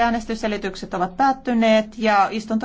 Äänestysselitykset ovat päättyneet ja istunto